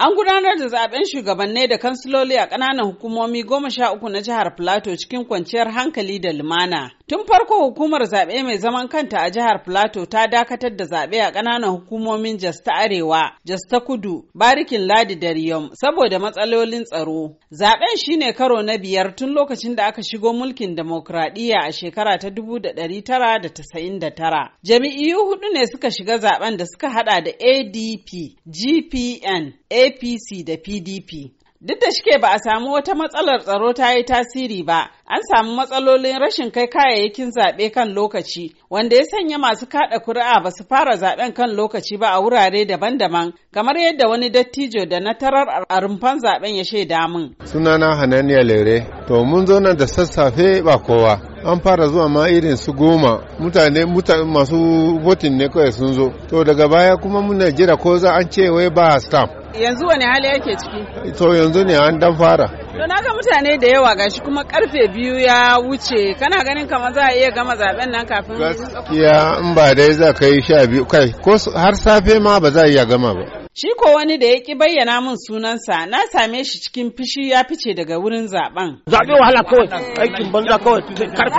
An gudanar da zaben shugabanni da kansiloli a ƙananan hukumomi goma sha uku na jihar Filato cikin kwanciyar hankali da lumana. Tun farko hukumar zaɓe mai zaman kanta a jihar Filato ta dakatar da zaɓe a ƙananan hukumomin Jas ta Arewa, Jas ta Kudu, Barikin Ladi da Riyom saboda matsalolin tsaro. Zaɓen shine karo na biyar tun lokacin da aka shigo mulkin demokradiyya a shekara ta dubu da ɗari tara da tasa'in da tara. Jami'iyu hudu ne suka shiga zaɓen da suka haɗa da ADP, GPN, apc da pdp duk da shike ba a samu wata matsalar tsaro ta yi tasiri ba an samu matsalolin rashin kai kayayyakin zaɓe kan lokaci wanda ya sanya masu kaɗa kuri'a ba su fara zaɓen kan lokaci ba a wurare daban-daban kamar yadda wani dattijo da na tarar a rumfan zaɓen ya shaida min. sunana hananiya lere to mun zo nan da sassafe ba kowa an fara zuwa ma irin su goma mutane masu votin ne kawai sun zo to daga baya kuma muna jira ko za an ce wai ba stamp yanzu wani hali yake ciki to yanzu ne an dan fara to na ga mutane da yawa gashi kuma karfe biyu ya wuce kana ganin kamar za a iya gama zaben nan kafin gaskiya in ba dai za ka yi sha biyu kai ko har safe ma ba za a iya gama ba Shi ko wani da ya ki bayyana min sunansa na same shi cikin fishi ya fice daga wurin zaben. Zaɓe wahala kawai aikin banza kawai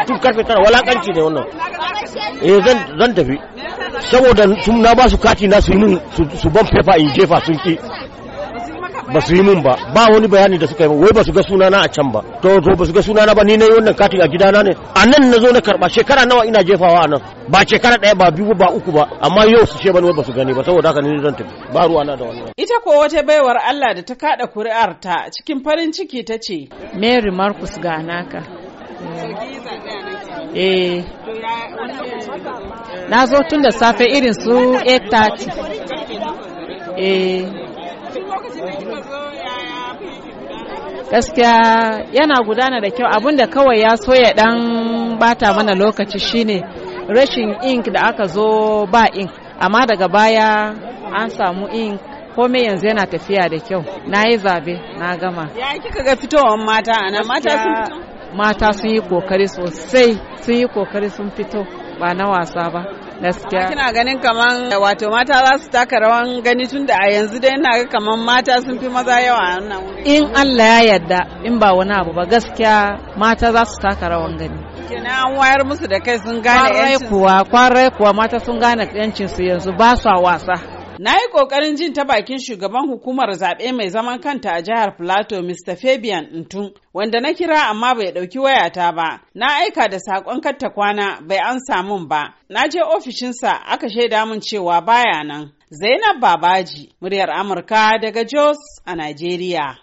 tun karfe tara walakanci ne wannan. Eh zan tafi. Saboda tun na ba su kati na su yi min su ban fefa in jefa sun ki. ba su yi mun ba ba wani bayani da suka yi wai ba su ga sunana a can ba to to ba su ga sunana ba ni ne wannan katin a gidana ne a nan na zo na karba shekara nawa ina jefawa a nan ba shekara daya ba biyu ba uku ba amma yau su ce bani ba su gani ba saboda haka ni zan tafi ba ruwa na da wani ita ko wata baiwar Allah da ta kada kuri'ar ta cikin farin ciki ta ce Mary Marcus Ganaka Eh, na zo tun da safe irin su 8:30. Eh, gaskiya yana gudana da kyau abinda kawai ya so ya dan bata mana lokaci shine rashin ink da aka zo ba ink amma daga baya an samu ink komai yanzu yana tafiya da kyau na yi zabe na gama ya kika ga fitowar mata a mata sun fito mata sun yi kokari sosai sun yi kokari sun fito ba na wasa ba gaskiya kina ganin kaman wato mata za su taka rawan gani tun da a yanzu dai ina ga kaman mata sun fi maza yawa a nan in Allah ya yarda in ba wani abu ba gaskiya mata za su taka rawan gani kina an wayar musu da kai sun gane yancin kuwa kwarai kuwa mata sun gane yancin su yanzu ba sa wasa Na yi ƙoƙarin jin ta bakin shugaban hukumar zaɓe mai zaman kanta a jihar plato Mr. Fabian Ntun, wanda na kira amma bai ɗauki wayata ba. Na aika da saƙon katta kwana bai an samun ba. Na je ofishinsa aka shaida mun cewa baya nan. Zainab Babaji, muryar Amurka daga Jos a Najeriya.